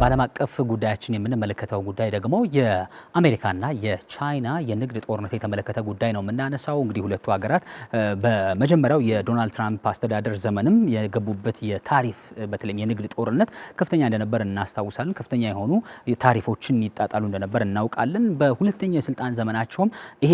በዓለም አቀፍ ጉዳያችን የምንመለከተው ጉዳይ ደግሞ የአሜሪካና የቻይና የንግድ ጦርነት የተመለከተ ጉዳይ ነው የምናነሳው። እንግዲህ ሁለቱ ሀገራት በመጀመሪያው የዶናልድ ትራምፕ አስተዳደር ዘመንም የገቡበት የታሪፍ በተለይም የንግድ ጦርነት ከፍተኛ እንደነበር እናስታውሳለን። ከፍተኛ የሆኑ ታሪፎችን ይጣጣሉ እንደነበር እናውቃለን። በሁለተኛ የስልጣን ዘመናቸውም ይሄ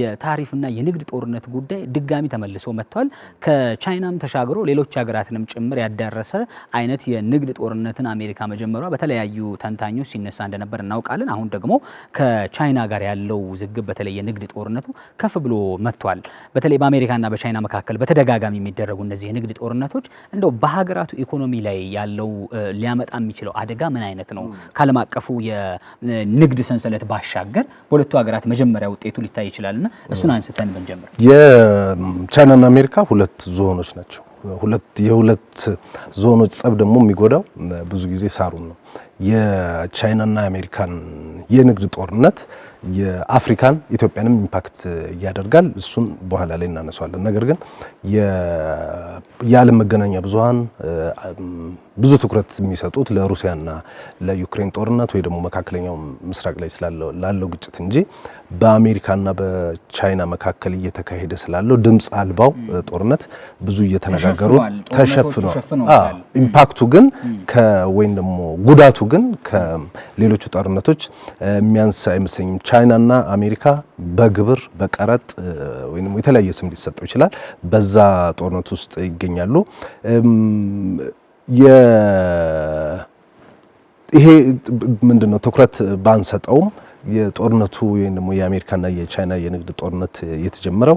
የታሪፍና የንግድ ጦርነት ጉዳይ ድጋሚ ተመልሶ መጥቷል። ከቻይናም ተሻግሮ ሌሎች ሀገራትንም ጭምር ያዳረሰ አይነት የንግድ ጦርነትን አሜሪካ መጀመሯ በተለያዩ ተንታኞች ሲነሳ እንደነበር እናውቃለን። አሁን ደግሞ ከቻይና ጋር ያለው ውዝግብ በተለይ የንግድ ጦርነቱ ከፍ ብሎ መጥቷል። በተለይ በአሜሪካና በቻይና መካከል በተደጋጋሚ የሚደረጉ እነዚህ የንግድ ጦርነቶች እንደው በሀገራቱ ኢኮኖሚ ላይ ያለው ሊያመጣ የሚችለው አደጋ ምን አይነት ነው? ከዓለም አቀፉ የንግድ ሰንሰለት ባሻገር በሁለቱ ሀገራት መጀመሪያ ውጤቱ ሊታይ ይችላልና እሱን አንስተን ብንጀምር የቻይናና አሜሪካ ሁለት ዞኖች ናቸው። የሁለት ዞኖች ጸብ ደግሞ የሚጎዳው ብዙ ጊዜ ሳሩን ነው። የቻይናና የአሜሪካን የንግድ ጦርነት የአፍሪካን ኢትዮጵያንም ኢምፓክት ያደርጋል። እሱን በኋላ ላይ እናነሳዋለን። ነገር ግን የዓለም መገናኛ ብዙሃን ብዙ ትኩረት የሚሰጡት ለሩሲያና ለዩክሬን ጦርነት ወይ ደግሞ መካከለኛው ምስራቅ ላይ ላለው ግጭት እንጂ በአሜሪካና በቻይና መካከል እየተካሄደ ስላለው ድምፅ አልባው ጦርነት ብዙ እየተነጋገሩ ተሸፍኗል። ኢምፓክቱ ግን ወይም ደግሞ ጉዳቱ ግን ከሌሎቹ ጦርነቶች የሚያንስ አይመስለኝም። ቻይናና አሜሪካ በግብር በቀረጥ ወይም የተለያየ ስም ሊሰጠው ይችላል በዛ ጦርነት ውስጥ ይገኛሉ። ይሄ ምንድነው ትኩረት ባንሰጠውም የጦርነቱ ወይም ደግሞ የአሜሪካና የቻይና የንግድ ጦርነት የተጀመረው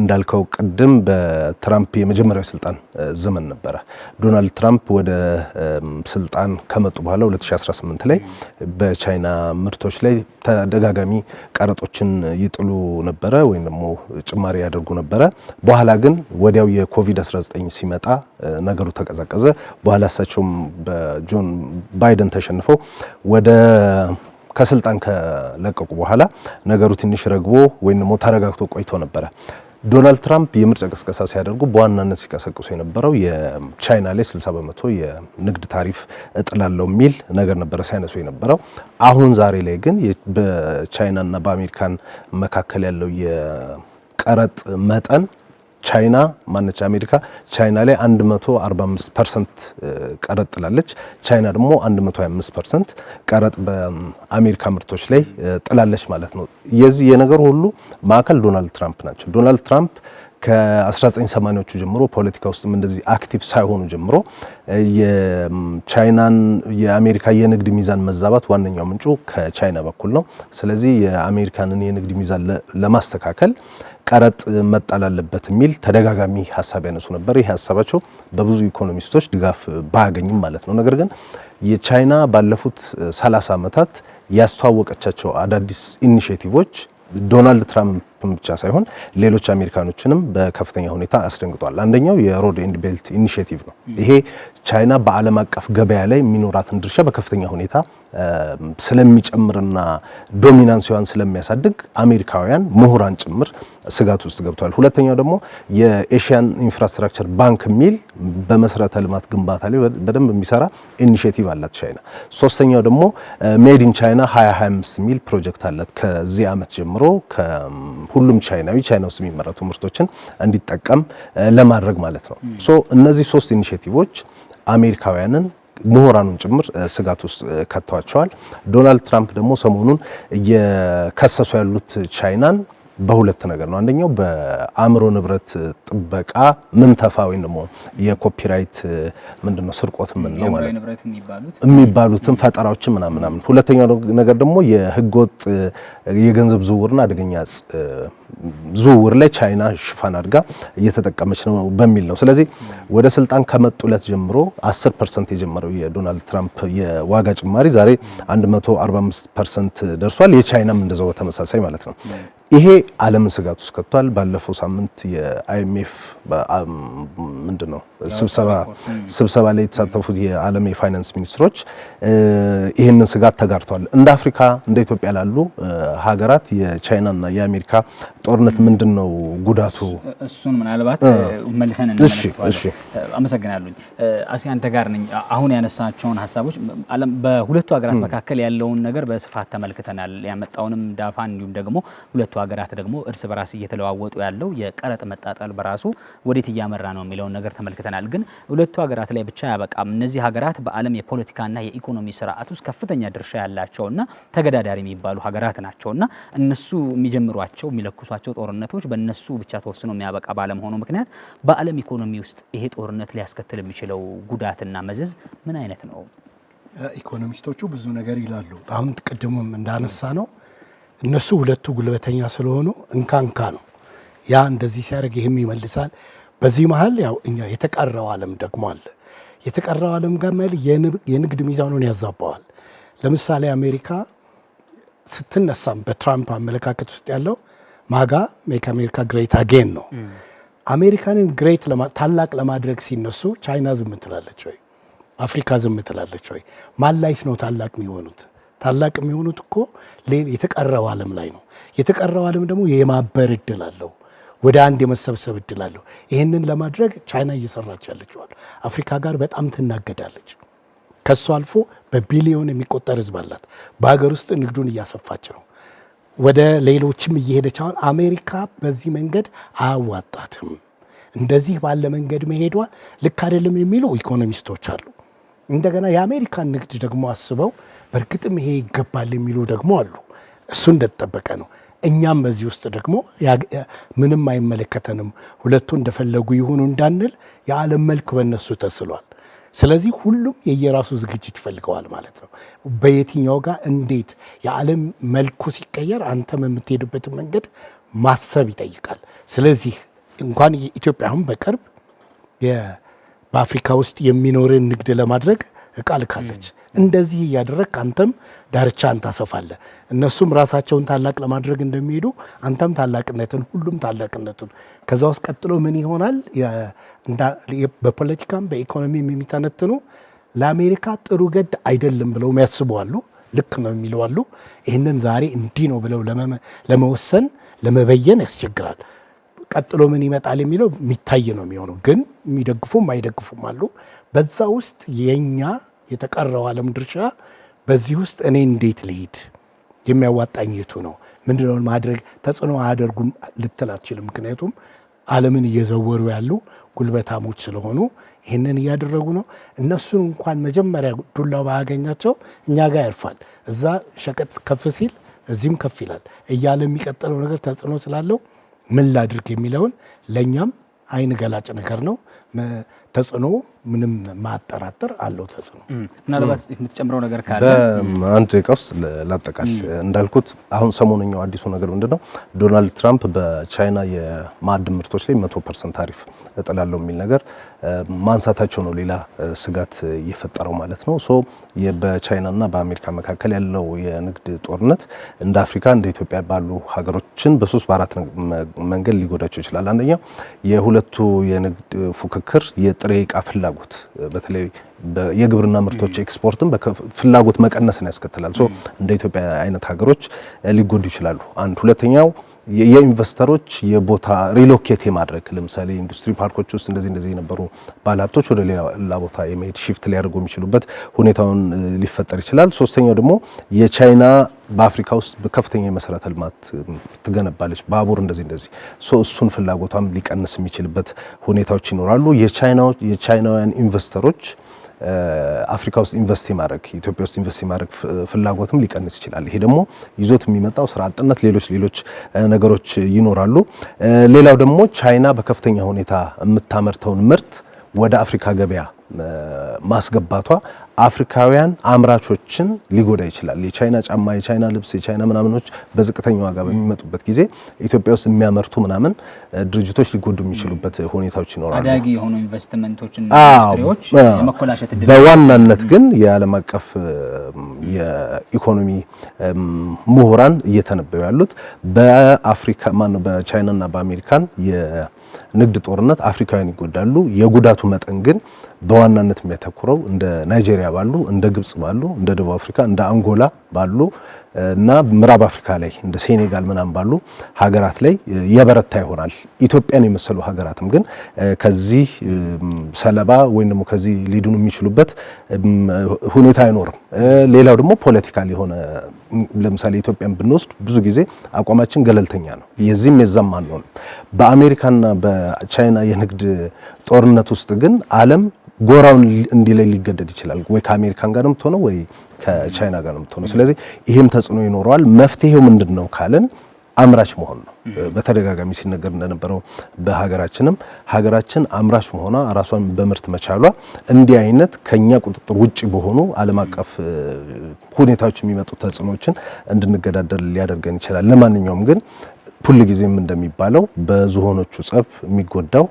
እንዳልከው ቅድም በትራምፕ የመጀመሪያው ስልጣን ዘመን ነበረ። ዶናልድ ትራምፕ ወደ ስልጣን ከመጡ በኋላ 2018 ላይ በቻይና ምርቶች ላይ ተደጋጋሚ ቀረጦችን ይጥሉ ነበረ ወይም ደግሞ ጭማሪ ያደርጉ ነበረ። በኋላ ግን ወዲያው የኮቪድ-19 ሲመጣ ነገሩ ተቀዛቀዘ። በኋላ እሳቸውም በጆን ባይደን ተሸንፈው ወደ ከስልጣን ከለቀቁ በኋላ ነገሩ ትንሽ ረግቦ ወይም ደግሞ ተረጋግቶ ቆይቶ ነበረ። ዶናልድ ትራምፕ የምርጫ ቅስቀሳ ሲያደርጉ በዋናነት ሲቀሰቅሱ የነበረው የቻይና ላይ 60 በመቶ የንግድ ታሪፍ እጥላለው የሚል ነገር ነበረ ሲያነሱ የነበረው። አሁን ዛሬ ላይ ግን በቻይናና በአሜሪካን መካከል ያለው የቀረጥ መጠን ቻይና ማነች አሜሪካ ቻይና ላይ 145 ፐርሰንት ቀረጥ ጥላለች። ቻይና ደግሞ 125 ፐርሰንት ቀረጥ በአሜሪካ ምርቶች ላይ ጥላለች ማለት ነው። የዚህ የነገር ሁሉ ማዕከል ዶናልድ ትራምፕ ናቸው። ዶናልድ ትራምፕ ከ1980ዎቹ ጀምሮ ፖለቲካ ውስጥም እንደዚህ አክቲቭ ሳይሆኑ ጀምሮ የቻይናን የአሜሪካ የንግድ ሚዛን መዛባት ዋነኛው ምንጩ ከቻይና በኩል ነው። ስለዚህ የአሜሪካንን የንግድ ሚዛን ለማስተካከል ቀረጥ መጣል አለበት የሚል ተደጋጋሚ ሀሳብ ያነሱ ነበር። ይህ ሀሳባቸው በብዙ ኢኮኖሚስቶች ድጋፍ ባያገኝም ማለት ነው። ነገር ግን የቻይና ባለፉት 30 ዓመታት ያስተዋወቀቻቸው አዳዲስ ኢኒሼቲቮች ዶናልድ ትራምፕን ብቻ ሳይሆን ሌሎች አሜሪካኖችንም በከፍተኛ ሁኔታ አስደንግጧል። አንደኛው የሮድ ኤንድ ቤልት ኢኒሽቲቭ ነው። ይሄ ቻይና በዓለም አቀፍ ገበያ ላይ የሚኖራትን ድርሻ በከፍተኛ ሁኔታ ስለሚጨምርና ዶሚናንሲዋን ስለሚያሳድግ አሜሪካውያን ምሁራን ጭምር ስጋት ውስጥ ገብተዋል። ሁለተኛው ደግሞ የኤሽያን ኢንፍራስትራክቸር ባንክ የሚል በመሰረተ ልማት ግንባታ ላይ በደንብ የሚሰራ ኢኒሽቲቭ አላት ቻይና። ሶስተኛው ደግሞ ሜድ ኢን ቻይና 2025 የሚል ፕሮጀክት አላት። ከዚህ ዓመት ጀምሮ ሁሉም ቻይናዊ ቻይና ውስጥ የሚመረቱ ምርቶችን እንዲጠቀም ለማድረግ ማለት ነው። ሶ እነዚህ ሶስት ኢኒሼቲቮች አሜሪካውያንን ምሁራኑን ጭምር ስጋት ውስጥ ከተዋቸዋል። ዶናልድ ትራምፕ ደግሞ ሰሞኑን እየከሰሱ ያሉት ቻይናን በሁለት ነገር ነው። አንደኛው በአእምሮ ንብረት ጥበቃ ምንተፋ ወይም ደግሞ የኮፒራይት ምንድነው ስርቆት ምንለው ማለት የሚባሉትን ፈጠራዎችን ምናምን ምናምን። ሁለተኛው ነገር ደግሞ የህገወጥ የገንዘብ ዝውውርና አደገኛ ዝውውር ላይ ቻይና ሽፋን አድጋ እየተጠቀመች ነው በሚል ነው። ስለዚህ ወደ ስልጣን ከመጡለት ጀምሮ 10 ፐርሰንት የጀመረው የዶናልድ ትራምፕ የዋጋ ጭማሪ ዛሬ 145 ፐርሰንት ደርሷል። የቻይናም እንደዛው በተመሳሳይ ማለት ነው። ይሄ ዓለምን ስጋት ውስጥ ከቷል። ባለፈው ሳምንት የአይኤምኤፍ ምንድን ነው ስብሰባ ላይ የተሳተፉት የዓለም የፋይናንስ ሚኒስትሮች ይህንን ስጋት ተጋርተዋል። እንደ አፍሪካ እንደ ኢትዮጵያ ላሉ ሀገራት የቻይናና የአሜሪካ ጦርነት ምንድን ነው ጉዳቱ? እሱን ምናልባት መልሰን እንመለከተዋለን። አመሰግናለሁ። አሴ አንተ ጋር ነኝ። አሁን ያነሳቸውን ሀሳቦች በሁለቱ ሀገራት መካከል ያለውን ነገር በስፋት ተመልክተናል። ያመጣውንም ዳፋ እንዲሁም ደግሞ ሁለቱ ሀገራት ደግሞ እርስ በራስ እየተለዋወጡ ያለው የቀረጥ መጣጠል በራሱ ወዴት እያመራ ነው የሚለውን ነገር ተመልክተናል። ግን ሁለቱ ሀገራት ላይ ብቻ ያበቃም። እነዚህ ሀገራት በዓለም የፖለቲካና የኢኮኖሚ ስርዓት ውስጥ ከፍተኛ ድርሻ ያላቸውና ተገዳዳሪ የሚባሉ ሀገራት ናቸውና እነሱ የሚጀምሯቸው የሚለኩሷቸው ጦርነቶች በእነሱ ብቻ ተወስኖ የሚያበቃ ባለመሆኑ ምክንያት በዓለም ኢኮኖሚ ውስጥ ይሄ ጦርነት ሊያስከትል የሚችለው ጉዳትና መዘዝ ምን አይነት ነው? ኢኮኖሚስቶቹ ብዙ ነገር ይላሉ። አሁን ቅድሙም እንዳነሳ ነው እነሱ ሁለቱ ጉልበተኛ ስለሆኑ እንካንካ ነው። ያ እንደዚህ ሲያደርግ ይህም ይመልሳል። በዚህ መሀል ያው እኛ የተቀረው ዓለም ደግሞ አለ። የተቀረው ዓለም ጋር የንግድ ሚዛኑን ያዛባዋል። ለምሳሌ አሜሪካ ስትነሳም በትራምፕ አመለካከት ውስጥ ያለው ማጋ ሜክ አሜሪካ ግሬት አጌን ነው። አሜሪካንን ግሬት ታላቅ ለማድረግ ሲነሱ ቻይና ዝም ትላለች ወይ? አፍሪካ ዝም ትላለች ወይ? ማን ላይስ ነው ታላቅ የሚሆኑት? ታላቅ የሚሆኑት እኮ የተቀረው ዓለም ላይ ነው። የተቀረው ዓለም ደግሞ የማበር እድል አለው፣ ወደ አንድ የመሰብሰብ እድል አለው። ይህንን ለማድረግ ቻይና እየሰራች ያለችዋል። አፍሪካ ጋር በጣም ትናገዳለች። ከሱ አልፎ በቢሊዮን የሚቆጠር ህዝብ አላት። በሀገር ውስጥ ንግዱን እያሰፋች ነው። ወደ ሌሎችም እየሄደች አሁን አሜሪካ በዚህ መንገድ አያዋጣትም። እንደዚህ ባለ መንገድ መሄዷ ልክ አይደለም የሚሉ ኢኮኖሚስቶች አሉ። እንደገና የአሜሪካን ንግድ ደግሞ አስበው በእርግጥም ይሄ ይገባል የሚሉ ደግሞ አሉ። እሱ እንደተጠበቀ ነው። እኛም በዚህ ውስጥ ደግሞ ምንም አይመለከተንም፣ ሁለቱ እንደፈለጉ ይሁኑ እንዳንል የዓለም መልክ በእነሱ ተስሏል። ስለዚህ ሁሉም የየራሱ ዝግጅት ይፈልገዋል ማለት ነው። በየትኛው ጋር እንዴት የዓለም መልኩ ሲቀየር አንተም የምትሄድበትን መንገድ ማሰብ ይጠይቃል። ስለዚህ እንኳን ኢትዮጵያ አሁን በቅርብ በአፍሪካ ውስጥ የሚኖርን ንግድ ለማድረግ እቃ ልካለች። እንደዚህ እያደረግ አንተም ዳርቻ ታሰፋለ እነሱም ራሳቸውን ታላቅ ለማድረግ እንደሚሄዱ አንተም ታላቅነትን፣ ሁሉም ታላቅነቱን። ከዛ ውስጥ ቀጥሎ ምን ይሆናል? በፖለቲካም በኢኮኖሚም የሚተነትኑ ለአሜሪካ ጥሩ ገድ አይደለም ብለው ያስበዋሉ። ልክ ነው የሚለዋሉ። ይህንን ዛሬ እንዲህ ነው ብለው ለመወሰን ለመበየን ያስቸግራል። ቀጥሎ ምን ይመጣል የሚለው የሚታይ ነው የሚሆነው። ግን የሚደግፉም አይደግፉም አሉ። በዛ ውስጥ የኛ የተቀረው ዓለም ድርሻ በዚህ ውስጥ እኔ እንዴት ልሂድ፣ የሚያዋጣኝ የቱ ነው፣ ምንድነውን ማድረግ ተጽዕኖ አያደርጉም ልትል አትችልም። ምክንያቱም ዓለምን እየዘወሩ ያሉ ጉልበታሞች ስለሆኑ ይህንን እያደረጉ ነው። እነሱን እንኳን መጀመሪያ ዱላው ባያገኛቸው እኛ ጋር ያርፋል። እዛ ሸቀጥ ከፍ ሲል እዚህም ከፍ ይላል እያለ የሚቀጥለው ነገር ተጽዕኖ ስላለው ምን ላድርግ የሚለውን ለእኛም አይን ገላጭ ነገር ነው። ተጽዕኖ ምንም ማጠራጠር አለው። ተጽዕኖ ምናልባት የምትጨምረው ነገር ካለ አንድ ደቂቃ ውስጥ ላጠቃሽ። እንዳልኩት አሁን ሰሞነኛው አዲሱ ነገር ምንድን ነው? ዶናልድ ትራምፕ በቻይና የማዕድን ምርቶች ላይ መቶ ፐርሰንት ታሪፍ እጥላለሁ የሚል ነገር ማንሳታቸው ነው ሌላ ስጋት የፈጠረው ማለት ነው። ሶ በቻይናና በአሜሪካ መካከል ያለው የንግድ ጦርነት እንደ አፍሪካ እንደ ኢትዮጵያ ባሉ ሀገሮችን በሶስት በአራት መንገድ ሊጎዳቸው ይችላል። አንደኛው የሁለቱ የንግድ ፉክክር የጥሬ እቃ ፍላጎት በተለይ የግብርና ምርቶች ኤክስፖርትን ፍላጎት መቀነስን ያስከትላል። እንደ ኢትዮጵያ አይነት ሀገሮች ሊጎዱ ይችላሉ። አንድ ሁለተኛው የኢንቨስተሮች የቦታ ሪሎኬት የማድረግ ለምሳሌ ኢንዱስትሪ ፓርኮች ውስጥ እንደዚህ እንደዚህ የነበሩ ባለሀብቶች ወደ ሌላ ቦታ የመሄድ ሽፍት ሊያደርጉ የሚችሉበት ሁኔታውን ሊፈጠር ይችላል። ሶስተኛው ደግሞ የቻይና በአፍሪካ ውስጥ በከፍተኛ የመሰረተ ልማት ትገነባለች፣ ባቡር እንደዚህ እንደዚህ እሱን ፍላጎቷም ሊቀንስ የሚችልበት ሁኔታዎች ይኖራሉ። የቻይናውያን ኢንቨስተሮች አፍሪካ ውስጥ ኢንቨስት ማድረግ ኢትዮጵያ ውስጥ ኢንቨስት ማድረግ ፍላጎትም ሊቀንስ ይችላል። ይሄ ደግሞ ይዞት የሚመጣው ስራ አጥነት፣ ሌሎች ሌሎች ነገሮች ይኖራሉ። ሌላው ደግሞ ቻይና በከፍተኛ ሁኔታ የምታመርተውን ምርት ወደ አፍሪካ ገበያ ማስገባቷ አፍሪካውያን አምራቾችን ሊጎዳ ይችላል። የቻይና ጫማ፣ የቻይና ልብስ፣ የቻይና ምናምኖች በዝቅተኛ ዋጋ በሚመጡበት ጊዜ ኢትዮጵያ ውስጥ የሚያመርቱ ምናምን ድርጅቶች ሊጎዱ የሚችሉበት ሁኔታዎች ይኖራሉ። አዳጊ የሆኑ ኢንቨስትመንቶችና ኢንዱስትሪዎች የመኮላሸት እድል። በዋናነት ግን የዓለም አቀፍ የኢኮኖሚ ምሁራን እየተነበዩ ያሉት በአፍሪካ ማነው በቻይናና በአሜሪካን የንግድ ጦርነት አፍሪካውያን ይጎዳሉ። የጉዳቱ መጠን ግን በዋናነት የሚያተኩረው እንደ ናይጄሪያ ሶማሊያ ባሉ እንደ ግብጽ ባሉ እንደ ደቡብ አፍሪካ እንደ አንጎላ ባሉ እና ምዕራብ አፍሪካ ላይ እንደ ሴኔጋል ምናምን ባሉ ሀገራት ላይ የበረታ ይሆናል። ኢትዮጵያን የመሰሉ ሀገራትም ግን ከዚህ ሰለባ ወይም ደግሞ ከዚህ ሊድኑ የሚችሉበት ሁኔታ አይኖርም። ሌላው ደግሞ ፖለቲካል የሆነ ለምሳሌ ኢትዮጵያን ብንወስድ ብዙ ጊዜ አቋማችን ገለልተኛ ነው። የዚህም የዛም አንሆንም። በአሜሪካና በቻይና የንግድ ጦርነት ውስጥ ግን ዓለም ጎራውን እንዲላይ ሊገደድ ይችላል ወይ ከአሜሪካን ጋር ነው የምትሆነው ወይ ከቻይና ጋር ነው የምትሆነው። ስለዚህ ይሄም ተጽዕኖ ይኖረዋል። መፍትሄው ምንድን ነው ካለን አምራች መሆን ነው። በተደጋጋሚ ሲነገር እንደነበረው በሀገራችንም ሀገራችን አምራች መሆኗ ራሷን በምርት መቻሏ እንዲህ አይነት ከኛ ቁጥጥር ውጭ በሆኑ ዓለም አቀፍ ሁኔታዎች የሚመጡ ተጽዕኖችን እንድንገዳደር ሊያደርገን ይችላል። ለማንኛውም ግን ጊዜም እንደሚባለው በዝሆኖቹ ጸብ የሚጎዳው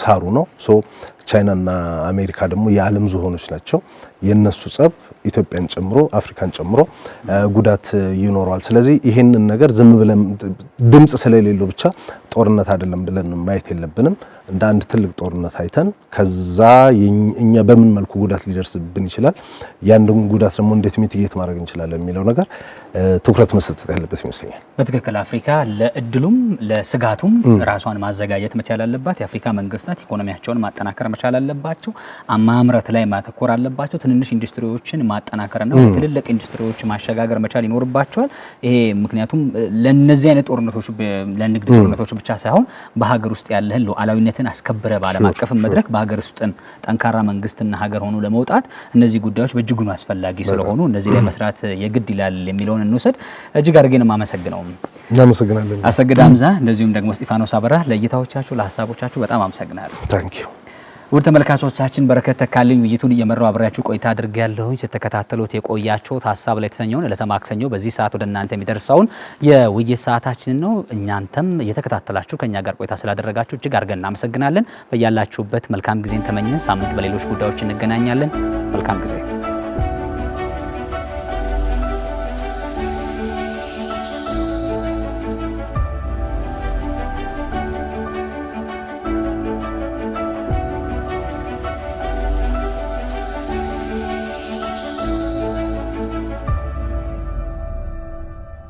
ሳሩ ነው። ቻይናና አሜሪካ ደግሞ የዓለም ዝሆኖች ናቸው። የነሱ ጸብ ኢትዮጵያን ጨምሮ አፍሪካን ጨምሮ ጉዳት ይኖረዋል። ስለዚህ ይህንን ነገር ዝም ብለን ድምጽ ስለሌለው ብቻ ጦርነት አይደለም ብለን ማየት የለብንም። እንደ አንድ ትልቅ ጦርነት አይተን ከዛ እኛ በምን መልኩ ጉዳት ሊደርስብን ይችላል፣ ያንድን ጉዳት ደግሞ እንዴት ሚትጌት ማድረግ እንችላለን የሚለው ነገር ትኩረት መሰጠት ያለበት ይመስለኛል። በትክክል አፍሪካ ለእድሉም ለስጋቱም ራሷን ማዘጋጀት መቻል አለባት። የአፍሪካ መንግስታት ኢኮኖሚያቸውን ማጠናከር መቻል አለባቸው። ማምረት ላይ ማተኮር አለባቸው። ትንንሽ ኢንዱስትሪዎችን ማጠናከርና ትልልቅ ኢንዱስትሪዎች ማሸጋገር መቻል ይኖርባቸዋል። ይሄ ምክንያቱም ለእነዚህ አይነት ጦርነቶች ለንግድ ጦርነቶች ብቻ ሳይሆን በሀገር ውስጥ ያለህን ሉዓላዊነት ሉዓላዊነትን አስከብረ በዓለም አቀፍ መድረክ በሀገር ውስጥን ጠንካራ መንግስትና ሀገር ሆኖ ለመውጣት እነዚህ ጉዳዮች በእጅጉን አስፈላጊ ስለሆኑ እነዚህ ላይ መስራት የግድ ይላል የሚለውን እንውሰድ። እጅግ አድርጌ ነው የማመሰግነው። እናመሰግናለን። አሰግድ አምዛ እንደዚሁም ደግሞ እስጢፋኖስ አበራ ለእይታዎቻችሁ፣ ለሀሳቦቻችሁ በጣም አመሰግናለሁ። ታንኪዩ ውድ ተመልካቾቻችን በረከት ተካልኝ ውይይቱን እየመራው አብሬያችሁ ቆይታ ያለሁኝ ስትከታተሉት የቆያችሁት ሀሳብ ላይ የተሰኘውን ዕለተ ማክሰኞ በዚህ ሰዓት ወደ እናንተ የሚደርሰውን የውይይት ሰዓታችንን ነው። እኛንተም እየተከታተላችሁ ከእኛ ጋር ቆይታ ስላደረጋችሁ እጅግ አድርገን እናመሰግናለን። በያላችሁበት መልካም ጊዜን ተመኘን። ሳምንት በሌሎች ጉዳዮች እንገናኛለን። መልካም ጊዜ